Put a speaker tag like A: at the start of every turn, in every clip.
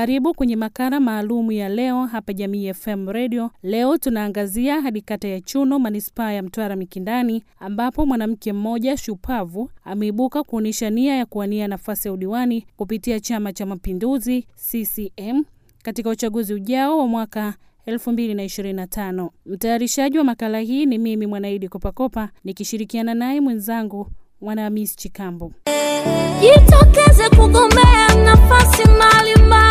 A: Karibu kwenye makala maalum ya leo hapa Jamii FM Radio. Leo tunaangazia hadi kata ya Chuno, manispaa ya Mtwara Mikindani, ambapo mwanamke mmoja shupavu ameibuka kuonyesha nia ya kuwania nafasi ya udiwani kupitia Chama cha Mapinduzi CCM katika uchaguzi ujao wa mwaka 2025. Mtayarishaji wa makala hii ni mimi Mwanaidi Kopakopa nikishirikiana naye mwenzangu mwanaamis Chikambo. Jitokeze kugombea nafasi mbalimbali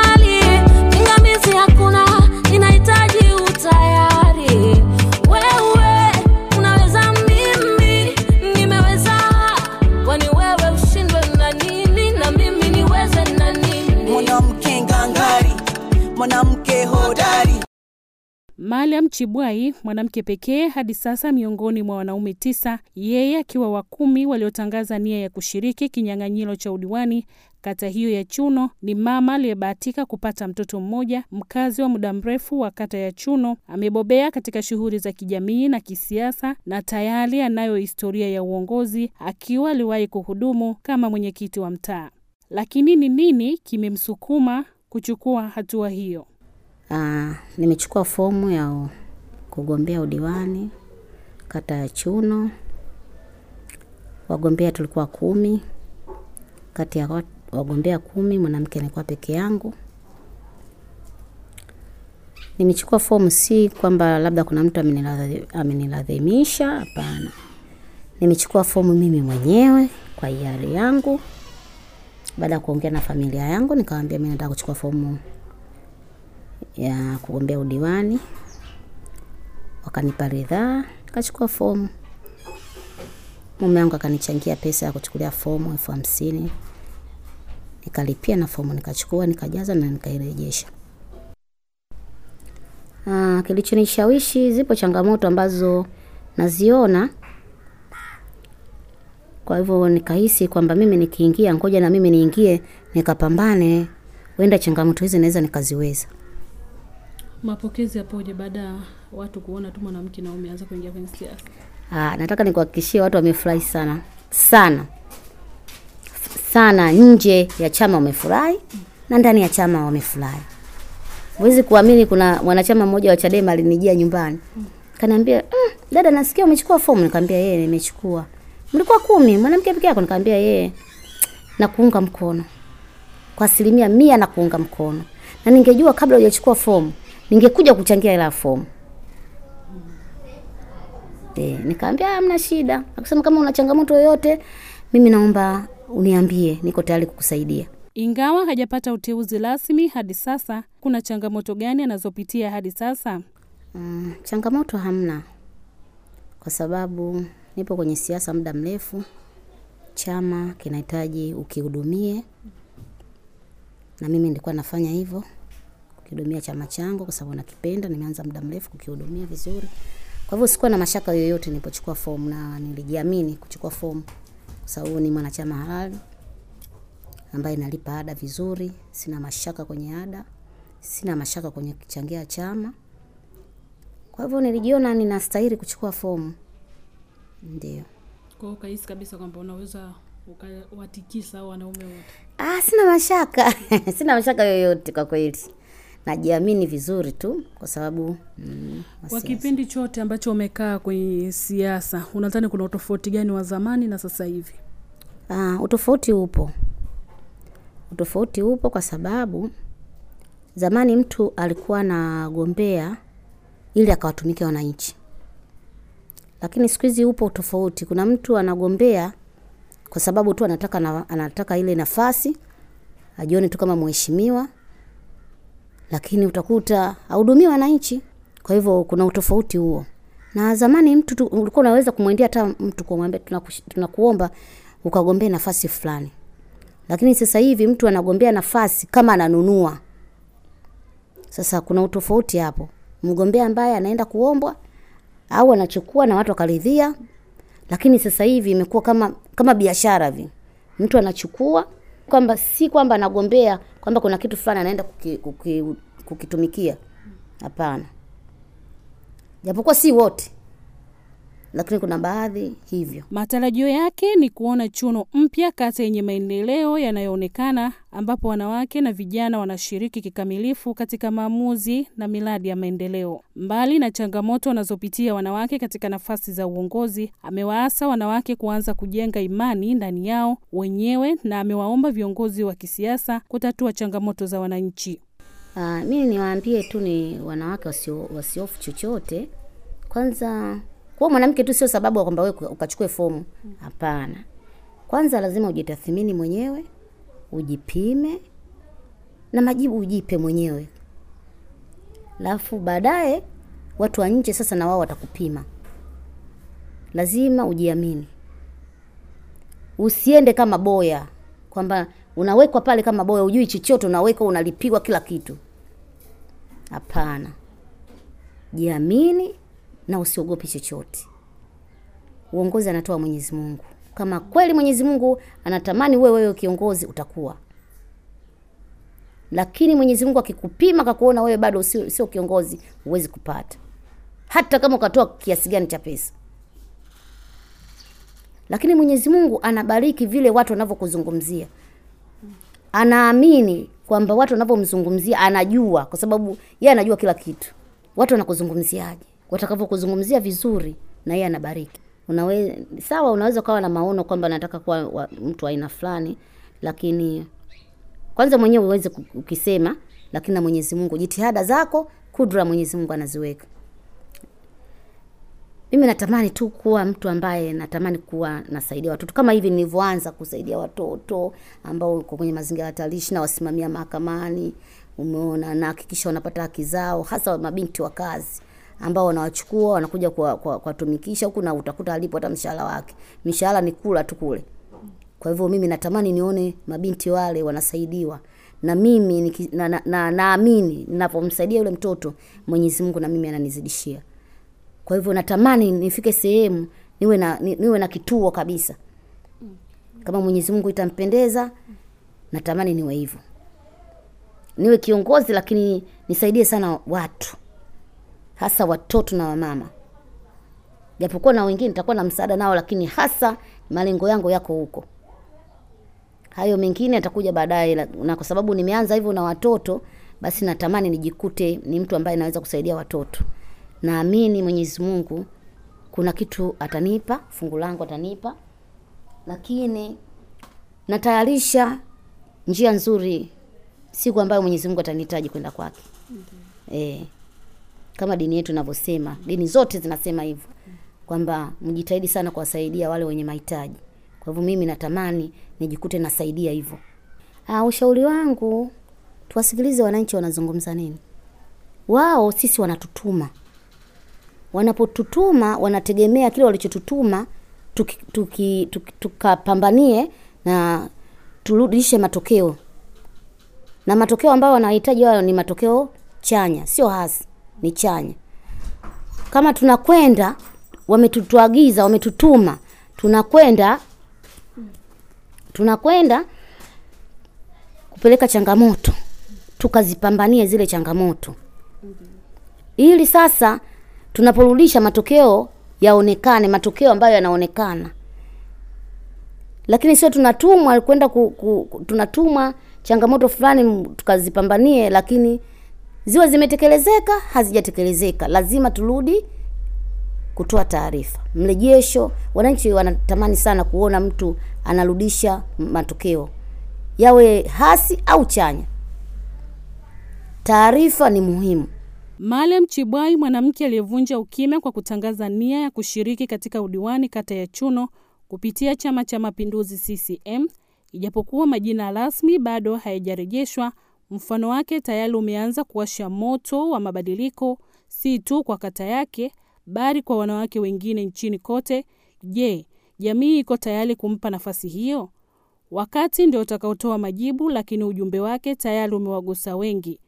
A: maliam Chibwai, mwanamke pekee hadi sasa miongoni mwa wanaume tisa, yeye akiwa wa kumi waliotangaza nia ya kushiriki kinyang'anyiro cha udiwani kata hiyo ya Chuno. Ni mama aliyebahatika kupata mtoto mmoja, mkazi wa muda mrefu wa kata ya Chuno. Amebobea katika shughuli za kijamii na kisiasa na tayari anayo historia ya uongozi, akiwa aliwahi kuhudumu kama mwenyekiti wa mtaa. Lakini ni nini kimemsukuma kuchukua hatua hiyo?
B: Uh, nimechukua fomu ya kugombea udiwani kata ya Chuno. Wagombea tulikuwa kumi, kati ya wagombea kumi mwanamke nilikuwa peke yangu. Nimechukua fomu si kwamba labda kuna mtu amenilazimisha, hapana. Nimechukua fomu mimi mwenyewe kwa hiari yangu, baada ya kuongea na familia yangu, nikawambia mimi nataka kuchukua fomu ya kugombea udiwani, wakanipa ridhaa, nikachukua fomu. Mume wangu akanichangia pesa ya kuchukulia fomu elfu hamsini nikalipia na fomu nikachukua, nikajaza na nikairejesha. Ah, kilichonishawishi, zipo changamoto ambazo naziona, kwa hivyo nikahisi kwamba mimi nikiingia, ngoja na mimi niingie nikapambane, huenda changamoto hizi naweza nikaziweza.
A: Mapokezi yapoje baada ya watu kuona tu mwanamke na umeanza kuingia kwenye siasa?
B: Ah, nataka nikuhakikishie watu wamefurahi sana sana sana. Nje ya chama wamefurahi na ndani ya chama wamefurahi. Huwezi kuamini, kuna mwanachama mmoja wa Chadema alinijia nyumbani kaniambia, mm, dada, nasikia umechukua fomu. Nikamwambia yeye, nimechukua. Mlikuwa kumi mwanamke peke yako? Nikamwambia yeye, nakuunga mkono kwa asilimia mia, nakuunga mkono na ningejua kabla hujachukua fomu ningekuja kuchangia hela fomu. E, nikaambia ah, hamna shida. Akasema kama una changamoto yoyote, mimi naomba uniambie, niko tayari kukusaidia.
A: Ingawa hajapata uteuzi rasmi hadi sasa, kuna changamoto gani anazopitia hadi sasa? Mm, changamoto hamna, kwa
B: sababu nipo kwenye siasa muda mrefu. Chama kinahitaji ukihudumie, na mimi nilikuwa nafanya hivyo kuhudumia chama changu kwa sababu nakipenda, nimeanza muda mrefu kukihudumia vizuri. Kwa hivyo sikuwa na mashaka yoyote nilipochukua fomu na nilijiamini kuchukua fomu kwa sababu ni mwanachama halali ambaye nalipa ada vizuri, sina mashaka kwenye ada, sina mashaka kwenye kuchangia chama. Kwa hivyo nilijiona ninastahili kuchukua fomu. Ndio.
A: Kwa hiyo ukahisi kabisa kwamba unaweza ukawatikisa wanaume wote?
B: Ah, sina mashaka sina mashaka yoyote kwa kweli najiamini vizuri tu kwa sababu mm, kwa
A: kipindi chote ambacho umekaa kwenye siasa, unadhani kuna utofauti gani wa zamani na sasa hivi?
B: Uh, utofauti upo, utofauti upo kwa sababu zamani mtu alikuwa anagombea ili akawatumikia wananchi, lakini siku hizi upo utofauti. Kuna mtu anagombea kwa sababu tu anataka na, anataka ile nafasi ajione tu kama mheshimiwa lakini utakuta ahudumii wananchi. Kwa hivyo kuna utofauti huo, na zamani mtu ulikuwa unaweza kumwendea hata mtu kumwambia tunakuomba ukagombea nafasi fulani, lakini sasa hivi mtu anagombea nafasi kama ananunua. Sasa kuna utofauti hapo, mgombea ambaye anaenda kuombwa au anachukua na watu wakaridhia, lakini sasa hivi imekuwa kama kama biashara vi mtu anachukua kwamba si kwamba anagombea kwamba kuna kitu fulani anaenda kuki, kuki, kukitumikia.
A: Hapana, japokuwa si wote lakini kuna baadhi hivyo. Matarajio yake ni kuona chuno mpya, kata yenye maendeleo yanayoonekana, ambapo wanawake na vijana wanashiriki kikamilifu katika maamuzi na miradi ya maendeleo. Mbali na changamoto wanazopitia wanawake katika nafasi za uongozi, amewaasa wanawake kuanza kujenga imani ndani yao wenyewe na amewaomba viongozi wa kisiasa kutatua changamoto za wananchi. mii ah, mimi niwaambie tu ni
B: wanawake wasiofu wasio chochote kwanza kwa mwanamke tu sio sababu kwamba wewe ukachukue fomu. Hapana. Kwanza lazima ujitathmini mwenyewe, ujipime na majibu ujipe mwenyewe. lafu baadaye watu wa nje sasa na wao watakupima. Lazima ujiamini. Usiende kama boya kwamba unawekwa pale kama boya, ujui chochote, unawekwa unalipiwa kila kitu. Hapana, jiamini, na usiogope chochote. Uongozi anatoa Mwenyezi Mungu. Kama kweli Mwenyezi Mungu anatamani uwe wewe kiongozi, utakuwa. Lakini Mwenyezi Mungu akikupima akakuona wewe bado sio, sio kiongozi, huwezi kupata, hata kama ukatoa kiasi gani cha pesa. Lakini Mwenyezi Mungu anabariki vile watu wanavyokuzungumzia, anaamini kwamba watu wanavyomzungumzia, anajua kwa sababu yeye anajua kila kitu, watu wanakuzungumziaje watakavyokuzungumzia vizuri na yeye anabariki. Unawe, sawa unaweza ukawa na maono kwamba nataka kuwa wa, mtu aina fulani, lakini kwanza mwenyewe uweze ukisema, lakini na Mwenyezi Mungu, jitihada zako, kudra Mwenyezi Mungu anaziweka. Mimi natamani tu kuwa mtu ambaye natamani kuwa nasaidia watoto kama hivi nilivyoanza kusaidia watoto ambao uko kwenye mazingira hatarishi na wasimamia mahakamani, umeona, na hakikisha wanapata haki zao, hasa mabinti wa kazi ambao wanawachukua wanakuja kuwatumikisha kwa, kwa huku, na utakuta alipo hata mshahara wake, mishahara ni kula tu kule. Kwa hivyo mimi natamani nione mabinti wale wanasaidiwa na mimi naamini na, na, na, ninapomsaidia yule mtoto Mwenyezi Mungu na mimi ananizidishia. Kwa hivyo natamani nifike sehemu niwe na niwe na kituo kabisa, kama Mwenyezi Mungu itampendeza, natamani niwe hivyo, niwe kiongozi, lakini nisaidie sana watu hasa watoto na wamama, japokuwa na wengine nitakuwa na msaada nao, lakini hasa malengo yangu yako huko. Hayo mengine yatakuja baadaye, na kwa sababu nimeanza hivyo na watoto, basi natamani nijikute ni mtu ambaye naweza kusaidia watoto. Naamini Mwenyezi Mungu kuna kitu atanipa, fungu langu atanipa, lakini natayarisha njia nzuri siku ambayo Mwenyezi Mungu atanihitaji kwenda kwake. mm -hmm. Eh kama dini yetu inavyosema, dini zote zinasema hivyo kwamba mjitahidi sana kuwasaidia wale wenye mahitaji. Kwa hivyo mimi natamani nijikute nasaidia hivyo. Ah, ushauri wangu tuwasikilize wananchi wanazungumza nini. Wao sisi wanatutuma, wanapotutuma wanategemea kile walichotutuma tukapambanie tuki, tuki, na turudishe matokeo, na matokeo ambayo wanahitaji wao ni matokeo chanya, sio hasi ni chanya. Kama tunakwenda wametutuagiza, wametutuma, tunakwenda tunakwenda kupeleka changamoto, tukazipambanie zile changamoto ili sasa tunaporudisha matokeo yaonekane, matokeo ambayo yanaonekana. Lakini sio tunatumwa kwenda ku, ku, tunatumwa changamoto fulani tukazipambanie, lakini ziwe zimetekelezeka, hazijatekelezeka, lazima turudi kutoa taarifa, mrejesho. Wananchi wanatamani sana kuona mtu anarudisha matokeo yawe
A: hasi au chanya. Taarifa ni muhimu. malem Chibwai, mwanamke aliyevunja ukimya kwa kutangaza nia ya kushiriki katika udiwani kata ya Chuno kupitia Chama cha Mapinduzi CCM, ijapokuwa majina rasmi bado hayajarejeshwa Mfano wake tayari umeanza kuwasha moto wa mabadiliko si tu kwa kata yake bali kwa wanawake wengine nchini kote. Je, jamii iko tayari kumpa nafasi hiyo? Wakati ndio utakaotoa majibu, lakini ujumbe wake tayari umewagusa wengi.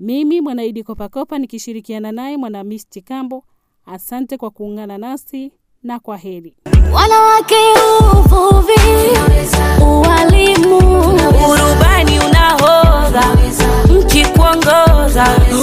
A: Mimi Mwanaidi Kopakopa nikishirikiana naye Misti Kambo, asante kwa kuungana nasi na kwa heri. Wanawake uvuvi, ualimu out.